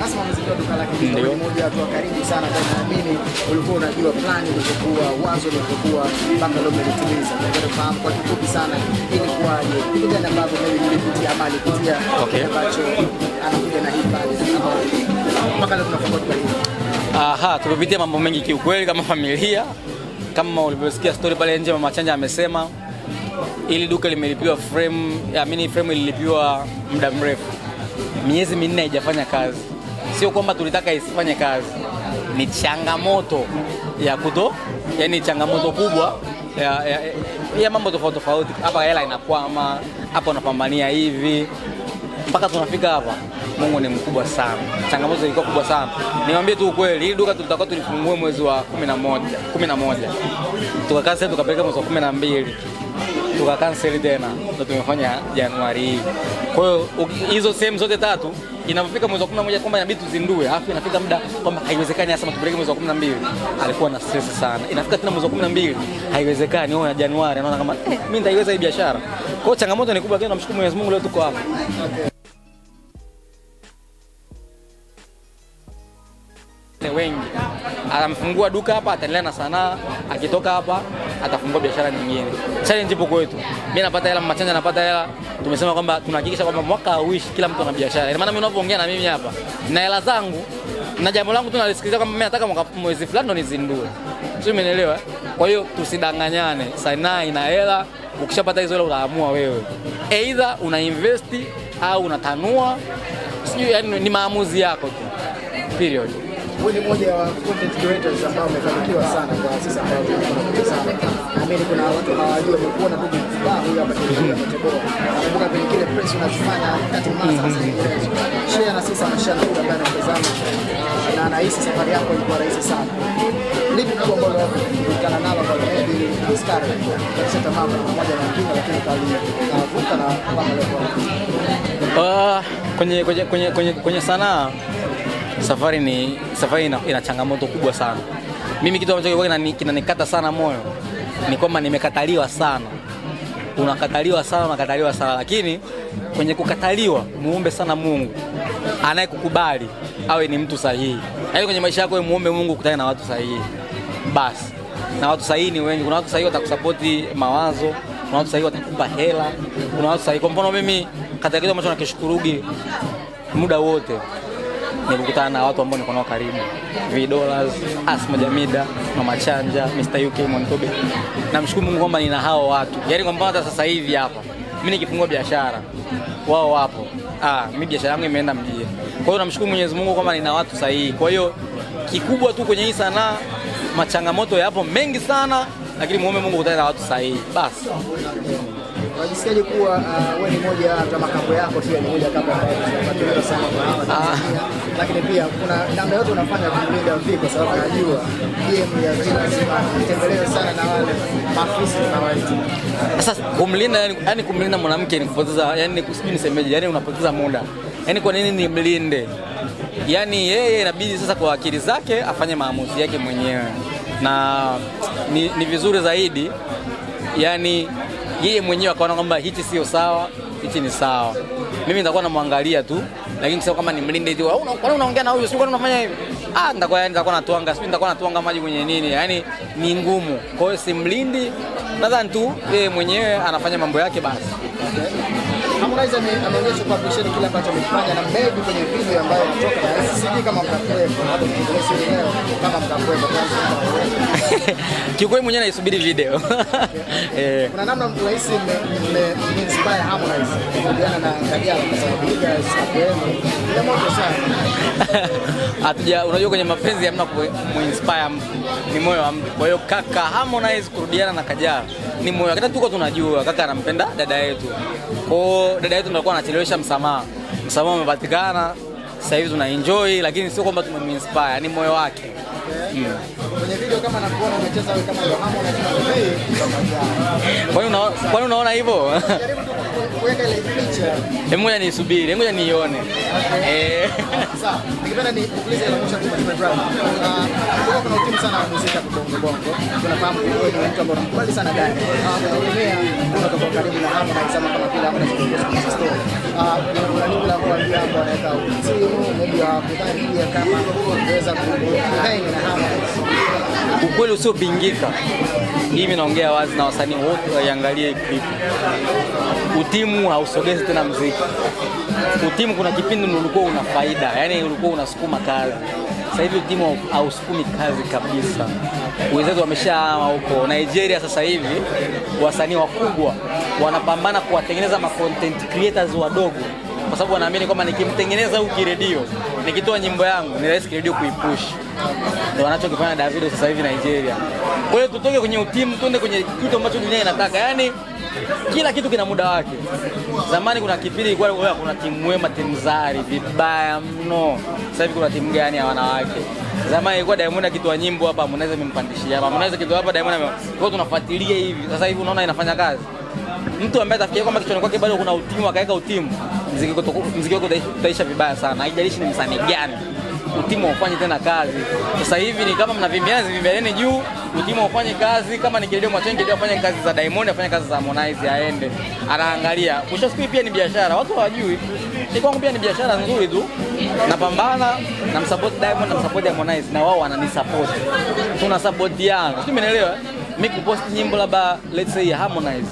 Sasa wamezindua duka lake ndio moja. Watu karibu sana kwa naamini ulikuwa unajua plan ilikuwa wazo lilikuwa mpaka leo umetimiza. Nataka kufahamu kwa kifupi sana ilikuwaje, kitu gani ambacho mimi nilipitia mali kutia okay, ambacho anakuja na hii pale mpaka leo tunafungua kwa hili. Aha, tumepitia mambo mengi kiukweli, kama familia, kama ulivyosikia story pale nje, mama Chanja amesema ili duka limelipiwa frame, I mean frame ililipiwa muda mrefu, miezi minne haijafanya kazi sio kwamba tulitaka isifanye kazi, ni changamoto ya kuto, yani changamoto kubwa ya, ya, ya mambo tofauti tofauti. Hapa hela inakwama, hapa unapambania hivi mpaka tunafika hapa. Mungu ni mkubwa sana, changamoto ilikuwa kubwa sana. Niwaambie tu ukweli, hili duka tulitakuwa tulifungue mwezi wa kumi na moja, kumi na moja tukakaa sasa, tukapeleka mwezi wa kumi na mbili tukakanseli tena, ndo tumefanya Januari hii. Kwa hiyo hizo sehemu zote tatu inapofika mwezi wa 11 kwamba inabidi tuzindue, alafu inafika muda kwamba haiwezekani, hasa tupeleke mwezi wa 12. Alikuwa na stress sana. Inafika tena mwezi wa 12, haiwezekani. Wewe Januari anaona kama eh, mimi nitaiweza hii biashara. Kwa changamoto ni kubwa, lakini namshukuru Mwenyezi Mungu leo tuko hapa. Wengi amefungua duka hapa, ataendelea na sanaa, akitoka hapa atafungua biashara nyingine. Challenge ipo kwetu. Mimi napata hela, Machanja napata hela. Tumesema kwamba tunahakikisha kwamba mwaka hauishi kila mtu ana biashara. Ina maana mimi ninapoongea na mimi hapa na hela zangu na jambo langu tunalisikiliza kwamba mimi nataka mwaka mwezi fulani ndo nizindue. Sio, umeelewa? Kwa hiyo tusidanganyane. Sanaa ina hela. Ukishapata hizo hela utaamua wewe. Either una invest au unatanua. Sijui yani ni maamuzi yako tu. Period. Huyu ni mmoja wa content creators ambao amefanikiwa sana kwa sisi ambao sana naamini kuna watu hawajui, wamekuona tu huyu hapa Tabora, nakumbuka kwenye kile press unazifanya kati masa sasa hivi. Mhm. share na sasa anashana kule ndani ya mtazamo, na anahisi safari yako ilikuwa rahisi sana. Lipi kubwa ambalo ulikutana nalo kwa kipindi askari Sasa tamaa pamoja na kinga, lakini kali. na na kama leo? Ah, kwenye kwenye kwenye kwenye sanaa safari ni safari ina, ina changamoto kubwa sana. Mimi kitu ambacho kinanikata sana moyo ni kwamba nimekataliwa sana, unakataliwa sana, unakataliwa sana, lakini kwenye kukataliwa muombe sana Mungu anayekukubali awe ni mtu sahihi. Yaani kwenye maisha yako muombe Mungu ukutane na watu sahihi basi, na watu sahihi ni wengi. Kuna watu sahihi watakusapoti mawazo, kuna watu sahihi watakupa hela, kuna watu sahihi. Kwa mfano mimi, kata kitu ambacho nakishukurugi muda wote nilikutana na watu ambao niko nao karibu, Vidolas, Asma Jamida, Mama Chanja, Mr UK Montobe. Namshukuru Mungu kwamba nina hao watu, yaani kwamba hata sasa hivi hapa mimi nikifungua biashara wao wapo. Ah, mimi biashara yangu imeenda mjini. Kwa hiyo namshukuru Mwenyezi Mungu kwamba nina watu sahihi. Kwa hiyo kikubwa tu kwenye hii sanaa, machangamoto yapo mengi sana, lakini muombe Mungu kutana na watu sahihi basi unajisikiaje kuwa uh, wewe ni moja hata makambo yako pia ni moja kama sana kwa ah. lakini pia kuna namna yote unafanya kulinda vipi, kwa sababu najua game ya Villa inatembelewa sana na wale maafisa na wale. Sasa kumlinda, yani kumlinda mwanamke ni kupoteza, yani sijui nisemeje, yani unapoteza muda. Yani kwa nini nimlinde? Yani yeye inabidi sasa kwa akili zake afanye maamuzi yake mwenyewe, na ni, ni vizuri zaidi yani yeye mwenyewe akaona kwamba hichi sio sawa, hichi ni sawa. Mimi nitakuwa namwangalia tu, lakini sio kama nimlinde eti wewe unaongea na huyu sio kwani unafanya hivi. Ah, nitakuwa yani nitakuwa natwanga, sio nitakuwa natwanga maji kwenye nini? Yani ni ngumu. Kwa hiyo simlindi. Nadhani tu yeye mwenyewe anafanya mambo yake basi. Harmonize ameonyesha kwa appreciate kile ambacho amefanya na mbegu kwenye video ambayo inatoka na sisi kama mtakwepo, kama mtakwepo. Kiukweli mwenyewe naisubiri video. Eh. Kuna namna mtu rahisi mmeinspire Harmonize kuhusiana na Kajala kwa sababu ile moto sana. Hatuja, unajua kwenye mapenzi hamna kuinspire ni moyo wa mtu. Kwa hiyo kaka Harmonize kurudiana na Kajala ni moyo. Hata tuko tunajua kaka anampenda dada yetu. kwa dada yetu ndio alikuwa anachelewesha msamaha. Msamaha umepatikana. Sasa hivi tuna enjoy lakini sio kwamba tumemwinspire, ni moyo wake kwenye video kama nakuona umecheza wewe kama na Kwani unaona hivyo? kuweka ile picha. Hebu ngoja nisubiri, ngoja Eh. Nikipenda ni kuuliza ile mwisho kwa Ah, kuna sana muziki Bongo Bongo. Tunafahamu wewe ni mtu ambaye unakubali sana gani. Ah, kuna kwa karibu na na kama store. Ah, kuna nini la kuambia maybe ya kama kuhang na ukweli usiopingika. Hii mimi naongea wazi na wasanii wote waiangalie clip. Utimu hausogezi tena mziki. Utimu kuna kipindi ulikuwa una faida, yani ulikuwa unasukuma kazi. Sasa hivi utimu hausukumi kazi kabisa, wenzetu wameshahama huko Nigeria. Sasa hivi wasanii wakubwa wanapambana kuwatengeneza ma content creators wadogo kwa sababu wanaamini kwamba nikimtengeneza huu kiredio, nikitoa nyimbo yangu ni rahisi kiredio kuipush. Ndio wanachokifanya Davido sasa hivi Nigeria. Kwa hiyo tutoke kwenye utimu, tuende kwenye kitu ambacho dunia inataka, yaani kila kitu kina muda wake. Zamani kuna kipindi kwa kulikuwa kuna timu wema, timu zari vibaya mno. Sasa hivi kuna timu gani ya wanawake? Zamani ilikuwa Diamond akitoa nyimbo hapa, mnaweza mempandishia hapa, mnaweza kitu hapa Diamond. Kwa hiyo tunafuatilia hivi sasa hivi, unaona inafanya kazi mtu ambaye atafikiria kwamba kichwani kwake bado kuna utimu akaweka utimu, mziki wako utaisha vibaya sana. Haijalishi ni msanii gani, utimu haufanye tena kazi. Sasa hivi ni kama mnavimbiana, zivimbianeni juu, utimu haufanye kazi. Kama ni Kiredio Mwacheni, Kiredio afanye kazi za Diamond, afanye kazi za Harmonize, aende anaangalia. Mwisho wa siku pia ni biashara, watu hawajui. Ni kwangu pia ni biashara nzuri tu, napambana na msupport Diamond na msupport Harmonize, na wao wananisupport, tuna supportiana, sijui umeelewa. Mimi eh? kupost nyimbo labda let's say Harmonize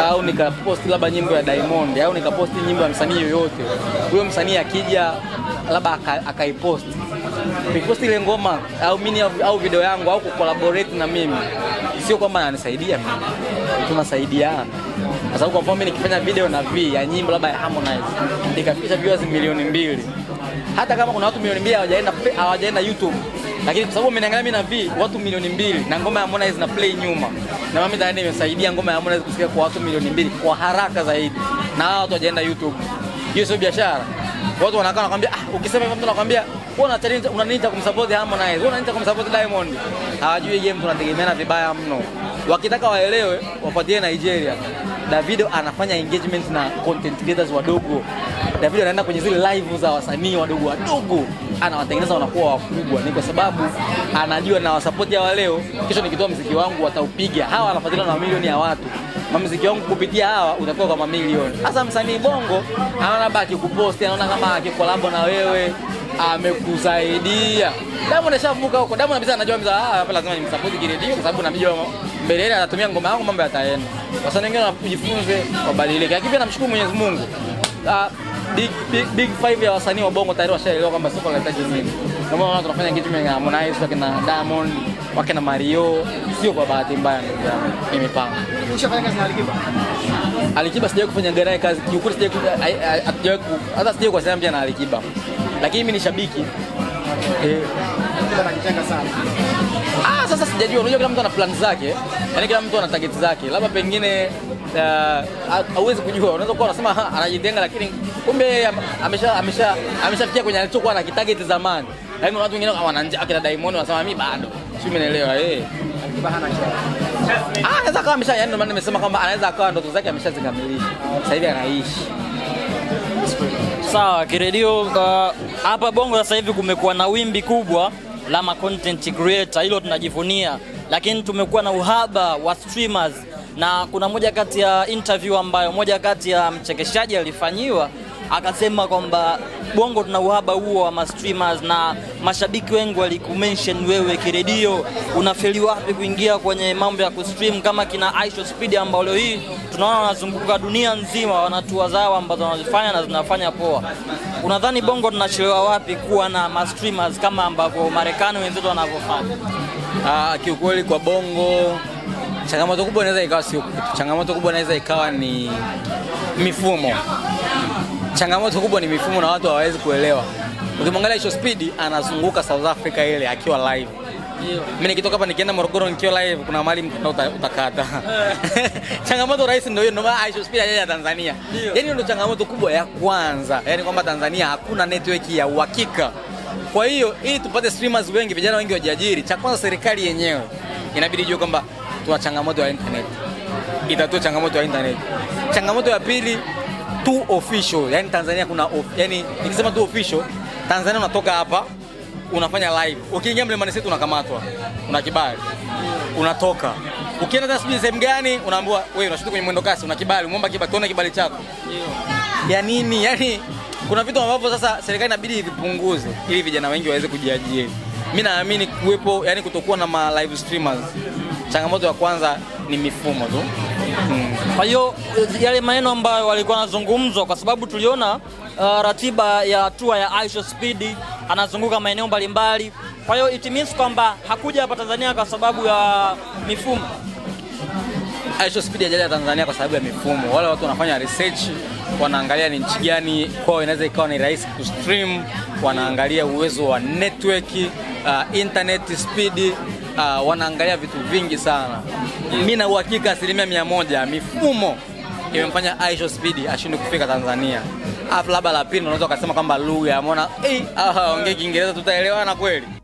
au nikaposti labda nyimbo ya Diamond au nikaposti nyimbo ya msanii yoyote, huyo msanii akija labda akaiposti nikiposti ile ngoma au mini au video yangu au kucollaborate na mimi, sio kwamba ananisaidia mimi, tunasaidiana kwa sababu, kwa mfano mimi nikifanya video na V ya nyimbo labda ya Harmonize nikafikisha viewers milioni mbili, hata kama kuna watu milioni mbili hawajaenda hawajaenda YouTube lakini kwa sababu umeniangalia mimi na V watu milioni mbili na ngoma ya Harmonize na play nyuma, na mimi ndani nimesaidia ngoma ya Harmonize kusikia kwa watu milioni mbili kwa haraka zaidi, na hao watu wajaenda YouTube. Hiyo sio biashara. Watu wanakaa wanakwambia, ah, ukisema hivyo mtu anakwambia wewe una talent, unanita kumsupport Harmonize, wewe unanita kumsupport Diamond. Hawajui game tunategemeana vibaya mno. Wakitaka waelewe, wapatie Nigeria. Davido anafanya engagement na content creators wadogo. Davido anaenda kwenye zile live za wasanii wadogo wadogo, anawatengeneza wanakuwa wakubwa. Ni kwa sababu anajua na wasapoti hawa leo, kesho nikitoa mziki wangu wataupiga. Hawa wanafuatiliwa na mamilioni ya watu, mziki wangu kupitia hawa utakuwa kwa mamilioni. Hasa msanii Bongo anaona baki kuposti, anaona kama akikolabo na wewe amekusaidia. Damu ashavuka huko. anabisa, anajua ah, lazima nimsapoti kiredio kwa sababu namjua mbele anatumia ngoma yangu, mambo yataenda. Wasanii wengine wajifunze, wabadilike. Lakini pia namshukuru Mwenyezi Mungu. Uh, big, big, big five ya wasanii wa Bongo tayari washaelewa kwamba soko linahitaji nini. Ndio maana tunafanya kitu kama Harmonize, wakina Diamond, wake na Mario, sio kwa bahati mbaya ndugu yangu. Imepanga. Ushafanya kazi na Alikiba? Alikiba sijawahi kufanya gara kazi. Kiukweli sijawahi ku hata sijawahi kuwasiliana pia na Alikiba. Lakini mimi ni shabiki. Eh, anacheka sana. Ah, sasa sijajua, unajua kila mtu ana plan zake, yaani kila mtu ana target zake, labda pengine uh, hauwezi uh, kujua. Unaweza kuwa unasema anajitenga, lakini kumbe amesha amesha ameshafikia kwenye alichokuwa na kitarget zamani, lakini watu wengine wana njaa, akina Diamond wanasema mimi bado, sio, umeelewa eh? Ah, anaweza kama amesha, yaani ndio maana nimesema kwamba anaweza akawa ndoto zake ameshazikamilisha, sasa hivi anaishi sawa kiredio uh, hapa uh, Bongo. Sasa hivi kumekuwa na wimbi kubwa lama content creator, hilo tunajivunia, lakini tumekuwa na uhaba wa streamers, na kuna moja kati ya interview ambayo moja kati ya mchekeshaji alifanyiwa akasema kwamba Bongo tuna uhaba huo wa streamers na mashabiki wengi walikumention wewe kiredio, unafeli wapi kuingia kwenye mambo ya kustream kama kina Aisha Speed ambao leo hii tunaona wanazunguka dunia nzima, wanatua zao ambazo wanazifanya na zinafanya poa. Unadhani Bongo tunachelewa wapi kuwa na mastreamers kama ambavyo Marekani wenzetu wanavyofanya? Ah, kiukweli kwa Bongo changamoto kubwa inaweza ikawa sio, changamoto kubwa inaweza ikawa ni mifumo Changamoto kubwa ni mifumo na watu hawawezi kuelewa. Ukimwangalia hicho speed anazunguka South Africa ile akiwa live. Mimi nikitoka hapa nikienda Morogoro nikiwa live kuna mali mtandao utakata. Changamoto rahisi ndio hiyo ndio maana speed ya Tanzania. Yaani ndio changamoto kubwa ya kwanza. Yaani kwamba Tanzania hakuna network ya uhakika. Kwa hiyo ili tupate streamers wengi, vijana wengi wajiajiri, cha kwanza serikali yenyewe inabidi ijue kwamba tuna changamoto ya internet. Itatua changamoto ya internet. Changamoto ya pili tu official, yani Tanzania kuna of, yani nikisema tu official Tanzania unatoka hapa unafanya live, ukiingia Mlimani City unakamatwa, una kibali, unatoka. Ukienda hata sijui sehemu gani, unaambiwa wewe unashuka kwenye mwendo kasi, una kibali, umeomba kibali, tuone kibali chako ya nini? Yani kuna vitu ambavyo sasa serikali inabidi ivipunguze ili vijana wengi waweze kujiajiri. Mimi naamini kuwepo, yani kutokuwa na ma live streamers, changamoto ya kwanza ni mifumo tu. Kwa hiyo eh, yale maneno ambayo walikuwa wanazungumzwa, kwa sababu tuliona uh, ratiba ya hatua ya Aisha Speed anazunguka maeneo mbalimbali. Kwa hiyo it means kwamba hakuja hapa Tanzania kwa sababu ya mifumo. Aisha Speed ya Tanzania kwa sababu ya mifumo. Wale watu wanafanya research, wanaangalia ni nchi gani kwao inaweza ikawa ni rahisi kustream, wanaangalia uwezo wa network, uh, internet speed uh, wanaangalia vitu vingi sana. Mimi na uhakika asilimia mia moja mifumo imemfanya Aisha Speed ashindwe kufika Tanzania. Afu labda la pili unaweza ukasema kwamba lugha, ameona eh, hey, ah, ongea Kiingereza tutaelewana kweli